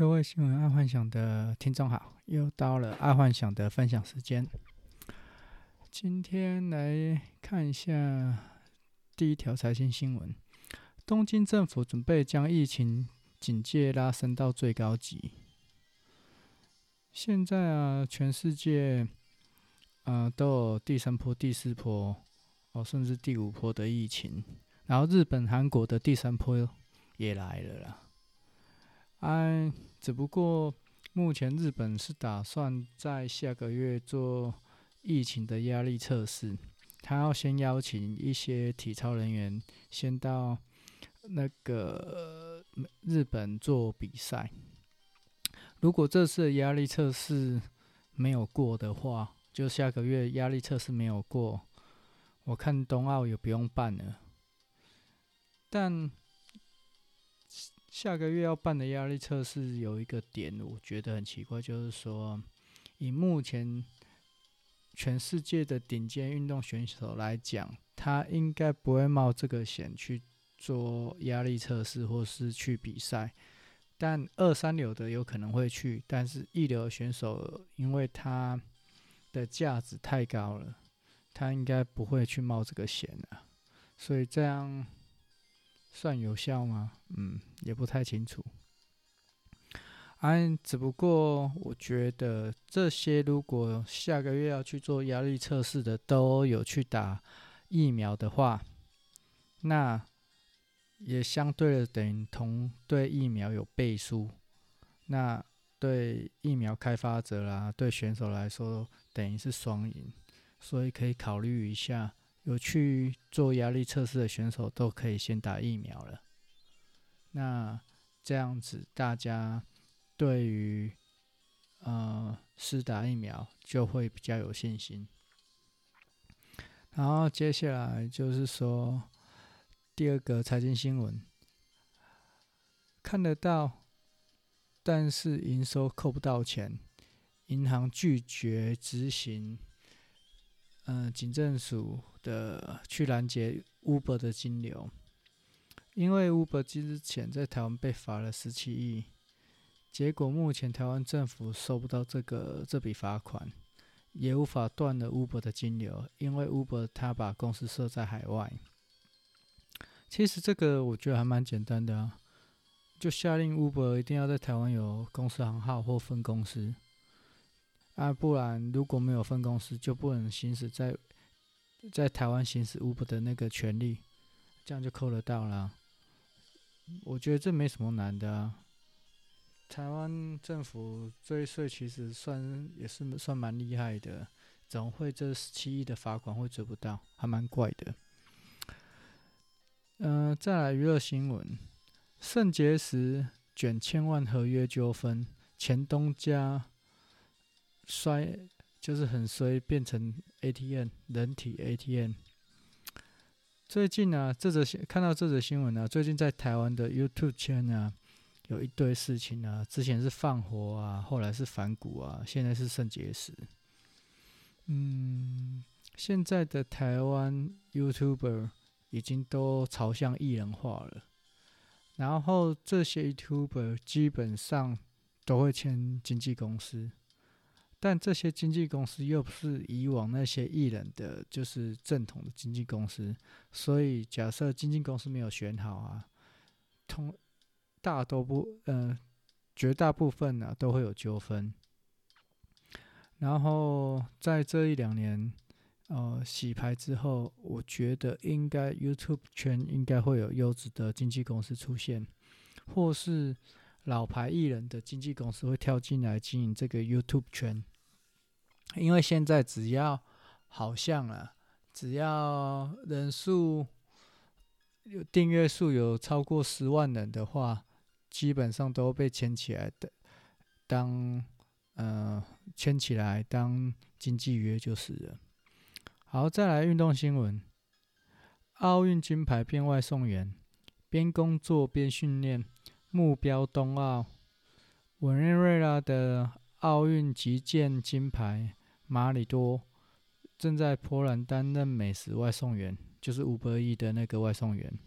各位新聞愛幻想的聽眾好，又到了愛幻想的分享時間。今天來看一下第一條財經新聞：東京政府準備將疫情警戒拉升到最高級。現在啊，全世界啊，呃，都有第三波、第四波，哦，甚至第五波的疫情。然後日本、韓國的第三波也來了啦。哎，只不過目前日本是打算在下個月做疫情的壓力測試，他要先邀請一些體操人員先到那個日本做比賽。如果這次壓力測試沒有過的話，就下個月壓力測試沒有過，我看東奧也不用辦了。但。下個月要辦的壓力測試有一個點，我覺得很奇怪，就是說，以目前全世界的頂尖運動選手來講，他應該不會冒這個險去做壓力測試，或是去比賽。但二三流的有可能會去，但是一流選手因為他的價值太高了，他應該不會去冒這個險啊。所以這樣。算有效嗎？嗯，也不太清楚。哎、啊，只不過我覺得這些如果下個月要去做壓力測試的都有去打疫苗的話，那也相對的等於同對疫苗有背書，那對疫苗開發者啦，對選手來說等於是雙贏，所以可以考慮一下。有去做壓力測試的選手都可以先打疫苗了。那這樣子，大家對於呃施打疫苗就會比較有信心。然後接下來就是說第二個財經新聞，看得到，但是營收扣不到錢，銀行拒絕執行。嗯，警政署的去攔截 Uber 的金流，因為 Uber 之前在台灣被罰了十七億，結果目前台灣政府收不到這個這筆罰款，也無法斷了 Uber 的金流，因為 Uber 他把公司設在海外。其實這個我覺得還蠻簡單的啊，就下令 Uber 一定要在台灣有公司行號或分公司。啊，不然如果沒有分公司，就不能行使在在台灣行使 Uber 的那個權利，這樣就扣得到了。我覺得這沒什麼難的啊。台灣政府追稅其實算也是算蠻厲害的，總會這十七億的罰款會追不到？還蠻怪的。嗯、呃，再來娛樂新聞，聖結石卷千萬合約糾紛，前東家。衰就是很衰，變成 ATM 人體 ATM。最近呢、啊，這則看到這則新聞呢、啊，最近在台灣的 YouTube 圈呢，有一堆事情啊，之前是放火啊，後來是反骨啊，現在是聖結石。嗯，現在的台灣 YouTuber 已經都朝向藝人化了，然後這些 YouTuber 基本上都會簽經紀公司。但這些經紀公司又不是以往那些藝人的就是正統的經紀公司，所以假設經紀公司沒有選好啊，通大多部嗯，絕大部分啊，都會有糾紛。然後在這一兩年呃洗牌之後，我覺得應該 YouTube 圈應該會有優質的經紀公司出現，或是老牌藝人的經紀公司會跳進來經營這個 YouTube 圈。因為現在只要好像了，只要人數訂閱數有超過十萬人的話，基本上都被簽起來的。當呃簽起來當經紀約就是了。好，再來運動新聞。奧運金牌變外送員，邊工作邊訓練，目標東奧。委內瑞拉的奧運擊劍金牌，馬里多正在波蘭擔任美食外送員，就是 Uber Eats 的那個外送員。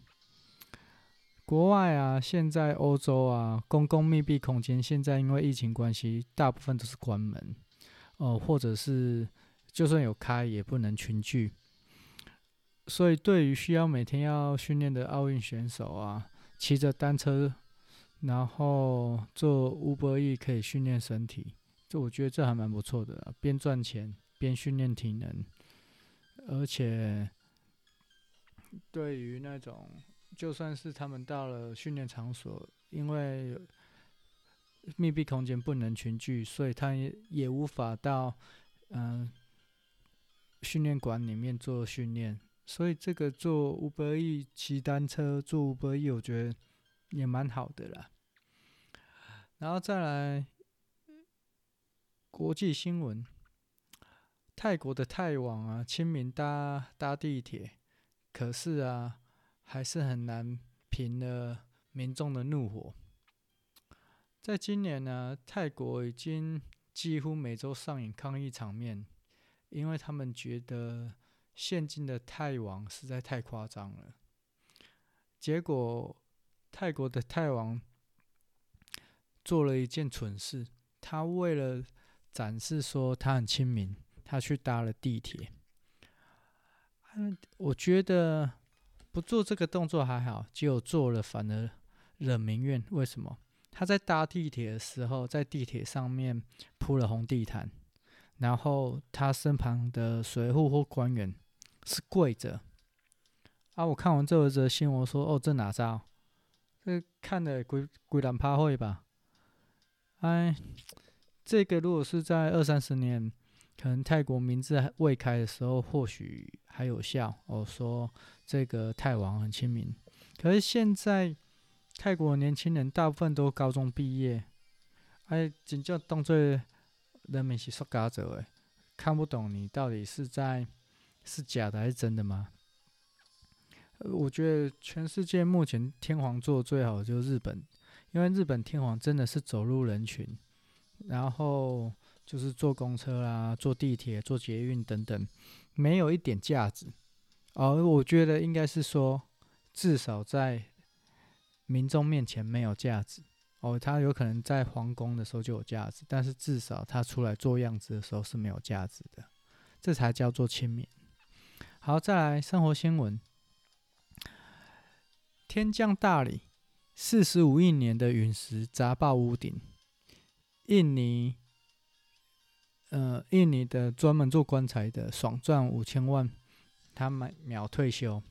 國外啊，現在歐洲啊，公共密閉空間現在因為疫情關係，大部分都是關門，哦、呃，或者是就算有開，也不能群聚。所以，對於需要每天要訓練的奧運選手啊，騎着單車，然後做 Uber Eats，可以訓練身體。就我覺得這還蠻不錯的，邊賺錢邊訓練體能，而且對於那種就算是他們到了訓練場所，因為密閉空間不能群聚，所以他也也無法到嗯、呃、訓練館裡面做訓練，所以這個做 Uber Eats 騎單車做 Uber Eats，我覺得也蠻好的啦，然後再來。國際新聞：泰國的泰王啊，親民搭搭地鐵，可是啊，還是很難平了民眾的怒火。在今年呢、啊，泰國已經幾乎每週上演抗議場面，因為他們覺得現今的泰王實在太誇張了。結果，泰國的泰王做了一件蠢事，他為了展示說他很親民，他去搭了地鐵。嗯、我覺得不做這個動作還好，就做了反而惹民怨。為什麼？他在搭地鐵的時候，在地鐵上面鋪了紅地毯，然後他身旁的隨扈或官員是跪着。啊！我看完這則新聞我說，哦，這哪招、哦？這看的鬼鬼蘭趴會吧？哎。這個如果是在二三十年，可能泰國民智還未開的時候，或許還有效。我、哦、說這個泰王很親民，可是現在泰國年輕人大部分都高中畢業，哎，真叫當作人民是說嘎子，哎，看不懂你到底是在是假的還是真的嗎、呃？我覺得全世界目前天皇做的最好就是日本，因為日本天皇真的是走入人群。然後就是坐公車啦、啊，坐地鐵、坐捷運等等，沒有一點價值。哦，我覺得應該是說，至少在民眾面前沒有價值。哦，他有可能在皇宮的時候就有價值，但是至少他出來做樣子的時候是沒有價值的。這才叫做親民。好，再來生活新聞：天降大禮，四十五億年的隕石砸爆屋頂。印尼，呃，印尼的專門做棺材的，爽賺五千萬，他買秒退休。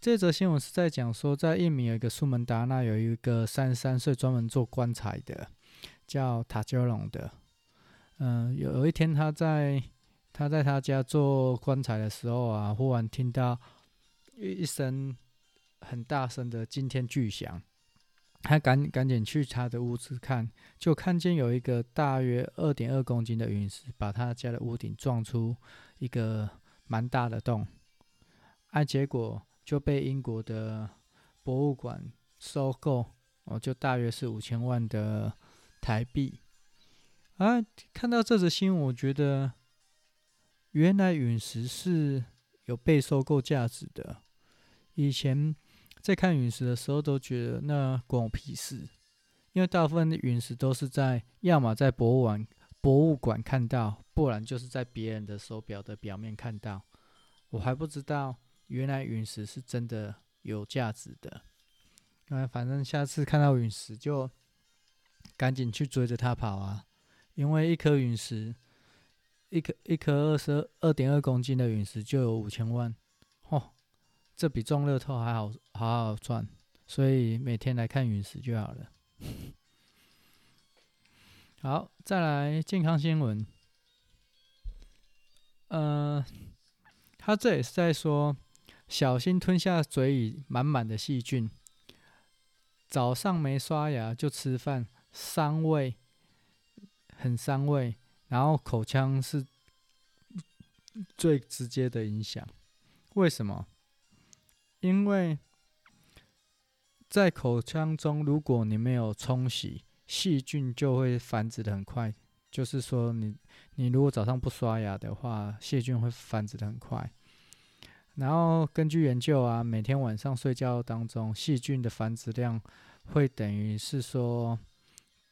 這則新聞是在講說，在印尼有一個蘇門答臘有一個三十三歲專門做棺材的，叫塔杰隆的。嗯、呃，有有一天他在他在他家做棺材的時候啊，忽然聽到一一聲很大聲的驚天巨響。他趕趕緊去他的屋子看，就看見有一個大約二點二公斤的隕石，把他家的屋頂撞出一個蠻大的洞。哎、啊，結果就被英國的博物館收購，哦，就大約是五千萬的台幣。啊，看到這則新聞，我覺得原來隕石是有被收購價值的。以前。在看隕石的時候，都覺得那關我屁事，因為大部分的隕石都是在要麼在博物館、博物館看到，不然就是在別人的手錶的錶面看到。我還不知道原來隕石是真的有價值的。那反正下次看到隕石就趕緊去追着它跑啊，因為一顆隕石，一顆一顆二十二點二公斤的隕石就有五千萬。這比中樂透還好，好，好好賺，所以每天來看隕石就好了。好，再來健康新聞。呃，他這也是在說，小心吞下嘴裡滿滿的細菌。早上沒刷牙就吃飯，傷胃，很傷胃。然後口腔是最直接的影響，為什麼？因為在口腔中，如果你沒有沖洗，細菌就會繁殖的很快。就是說你，你你如果早上不刷牙的話，細菌會繁殖的很快。然後根據研究啊，每天晚上睡覺當中，細菌的繁殖量會等於是說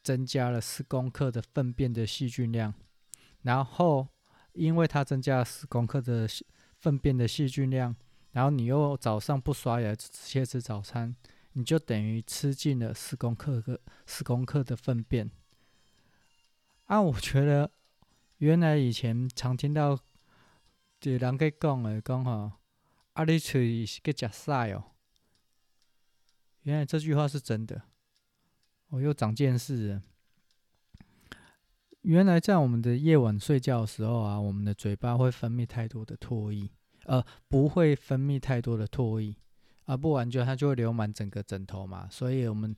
增加了四公克的糞便的細菌量。然後因為它增加了四公克的糞便的細菌量。然後你又早上不刷牙，直接吃早餐，你就等於吃進了四公克的四公克的糞便。啊，我覺得原來以前常聽到一個人去講的，講吼，啊你嘴是去嚼塞哦。原來這句話是真的，我、哦、又長見識了。原來在我們的夜晚睡覺的時候啊，我們的嘴巴會分泌太多的唾液。呃，不會分泌太多的唾液，而、啊、不完全，它就會流滿整個枕頭嘛。所以，我們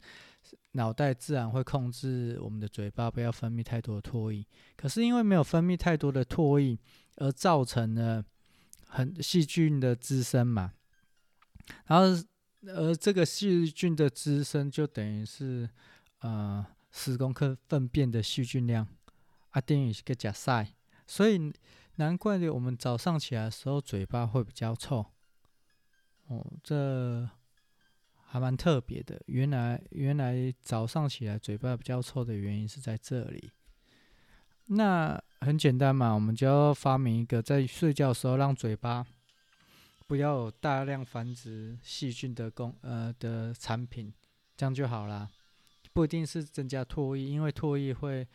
腦袋自然會控制我們的嘴巴，不要分泌太多的唾液。可是，因為沒有分泌太多的唾液，而造成了很細菌的滋生嘛。然後，而這個細菌的滋生，就等於是呃十公克糞便的細菌量，啊，等於是個假賽，所以。難怪的，我們早上起來的時候嘴巴會比較臭。哦，這還蠻特別的。原來，原來早上起來嘴巴比較臭的原因是在這裡。那很簡單嘛，我們就要發明一個在睡覺的時候讓嘴巴不要有大量繁殖細菌的工呃的產品，這樣就好啦。不一定是增加唾液，因為唾液會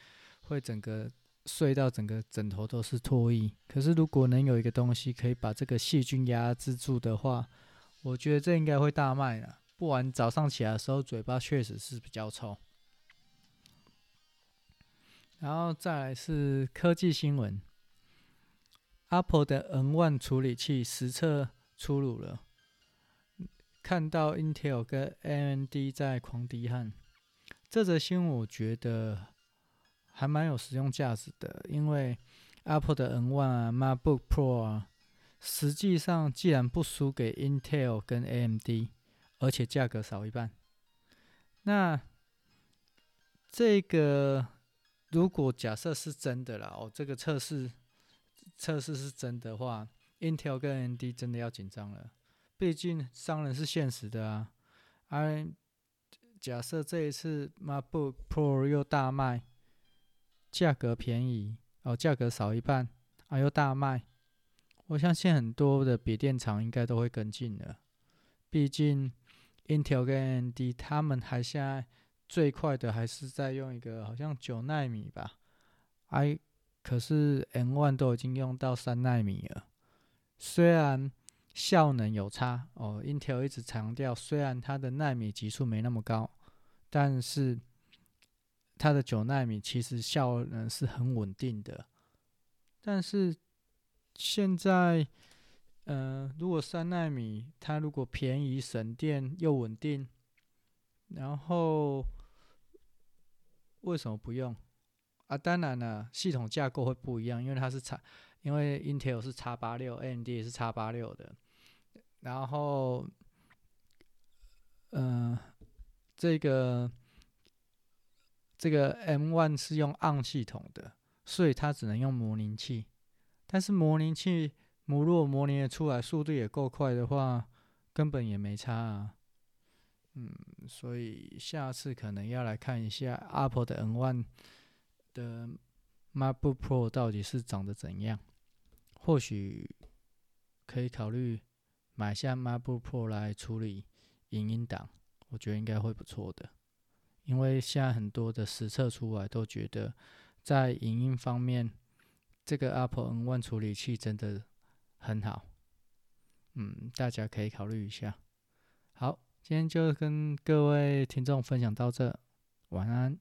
會整個。睡到整個枕頭都是唾液，可是如果能有一個東西可以把這個細菌壓制住的話，我覺得這應該會大賣了。不然早上起來的時候嘴巴確實是比較臭。然後再來是科技新聞，Apple 的 M1 處理器實測出爐了，看到 Intel 跟 AMD 在狂滴汗。這則新聞我覺得。還蠻有實用價值的，因為 Apple 的 M1 啊、MacBook Pro 啊，實際上既然不輸給 Intel 跟 AMD，而且價格少一半，那這個如果假設是真的啦，哦，這個測試測試是真的話，Intel 跟 AMD 真的要緊張了。畢竟商人是現實的啊。而、啊、假設這一次 MacBook Pro 又大賣。價格便宜哦，價格少一半還、啊、又大賣。我相信很多的筆電廠應該都會跟進的，畢竟 Intel 跟 AMD 他們還現在最快的還是在用一個好像九納米吧，哎、可是 M1 都已經用到三納米了。雖然效能有差哦，Intel 一直強調，雖然它的納米級數沒那麼高，但是。它的九納米其實效能是很穩定的，但是現在，嗯、呃，如果三納米它如果便宜、省電又穩定，然後為什麼不用？啊，當然了，系統架構會不一樣，因為它是叉，因為 Intel 是叉八六，AMD 也是叉八六的，然後，嗯、呃，這個。這個 M1 是用 on 系統的，所以它只能用模擬器。但是模擬器，如果模擬的出來，速度也夠快的話，根本也沒差啊。嗯，所以下次可能要來看一下 Apple 的 M1 的 MacBook Pro 到底是長得怎樣。或許可以考慮買下 MacBook Pro 來處理影音檔，我覺得應該會不錯的。因為現在很多的實測出來都覺得，在影音方面，這個 Apple M1 處理器真的很好，嗯，大家可以考慮一下。好，今天就跟各位聽眾分享到這，晚安。